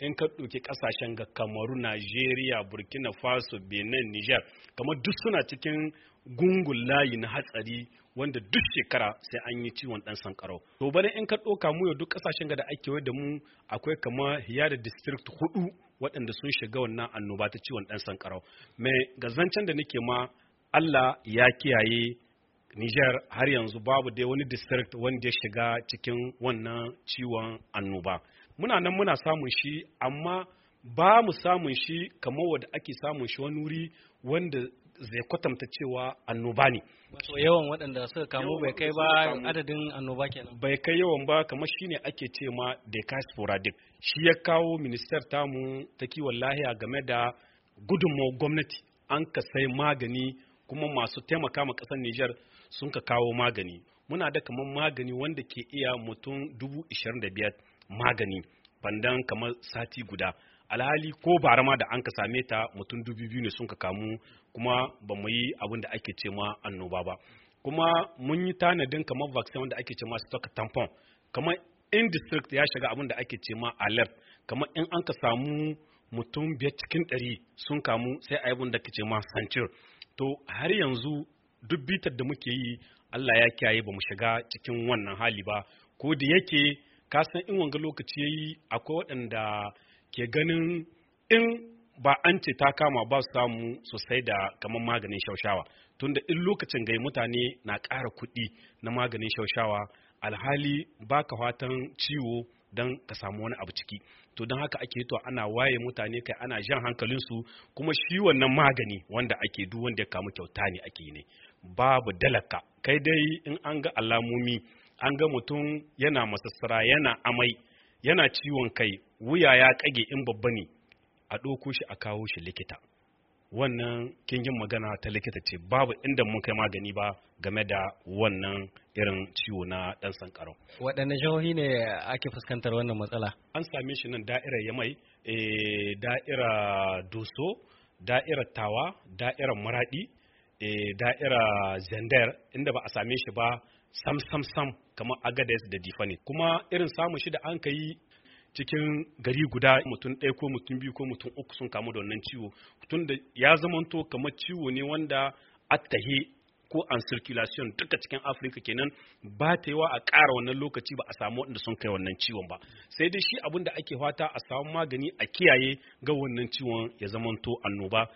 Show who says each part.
Speaker 1: in ka ɗauki ƙasashen ga kamaru nigeria burkina faso benin niger kamar duk suna cikin gungun layi na hatsari wanda duk shekara sai an yi ciwon ɗan sankaro. to bane in ka ɗauka mu yau duk ƙasashen ga da ake wai da mu akwai kama hiya da district hudu waɗanda sun shiga wannan annoba ta ciwon ɗan sankarau mai gazancen da nake ma allah ya kiyaye Niger har yanzu babu dai wani district wanda ya shiga cikin wannan ciwon annoba. muna nan muna samun shi amma ba mu samun shi kamar wadda ake samun shi wani wuri wanda zai kwatanta cewa annoba ne. Wato yawan waɗanda suka kamu bai kai ba adadin annoba kenan. Bai kai yawan ba kamar shi ne ake ce ma decasporadic. Shi ya kawo ministar tamu ta kiwon lahiya game da gudunmawar gwamnati an ka sai magani kuma masu taimaka ma ƙasar Nijar sun ka kawo magani. Muna da kamar magani wanda ke iya mutum dubu ishirin da biyar. magani bandan kamar sati guda alhali ko barama da an ka same ta mutum dubu biyu ne sun ka kamu kuma ba mu yi abin da ake ce ma annoba ba kuma mun yi tanadin kamar vaccine wanda ake ce ma stock tampon kamar in district ya shiga abin da ake ce ma alert kamar in an ka samu mutum biyar cikin ɗari sun kamu sai a yabin da ake ce ma sancir to har yanzu duk bitar da muke yi Allah ya kiyaye ba mu shiga cikin wannan hali ba ko da yake ka san in wanga lokaci ya yi akwai waɗanda ke ganin in ba an ce ta kama ba su samu sosai da kamar maganin shaushawa tunda in lokacin gai mutane na ƙara kuɗi na maganin shaushawa alhali ba ka fatan ciwo don ka samu wani abu ciki to don haka ake to ana waye mutane kai ana jan hankalinsu kuma shi wannan magani wanda ake duk wanda ya kamu kyauta ne ake ne babu dalaka kai dai in an ga alamomi an ga mutum yana masassara yana amai yana ciwon kai wuya ya kage in babba ne a ɗauko shi a kawo shi likita wannan kingin magana ta likita ce babu inda mun kai magani ba game da wannan irin ciwo na ɗan sankarau. waɗanne jihohi ne ake fuskantar wannan matsala an same shi nan da'irar yamai e, da'ira doso da'ira tawa da'irar maradi Eh, da'ira zandar inda ba a same shi ba sam sam sam kamar agades da difani kuma irin samun shi da an ka yi cikin gari guda mutum ɗaya ko mutum biyu ko mutum uku sun kamu da wannan ciwo tun da ya zamanto kamar ciwo ne wanda attahi ko an circulation duka cikin afirka kenan ba ta yiwa a ƙara wannan lokaci ba a samu waɗanda sun kai wannan ciwon ba sai dai shi abun da ake fata a samu magani a kiyaye ga wannan ciwon ya zamanto annoba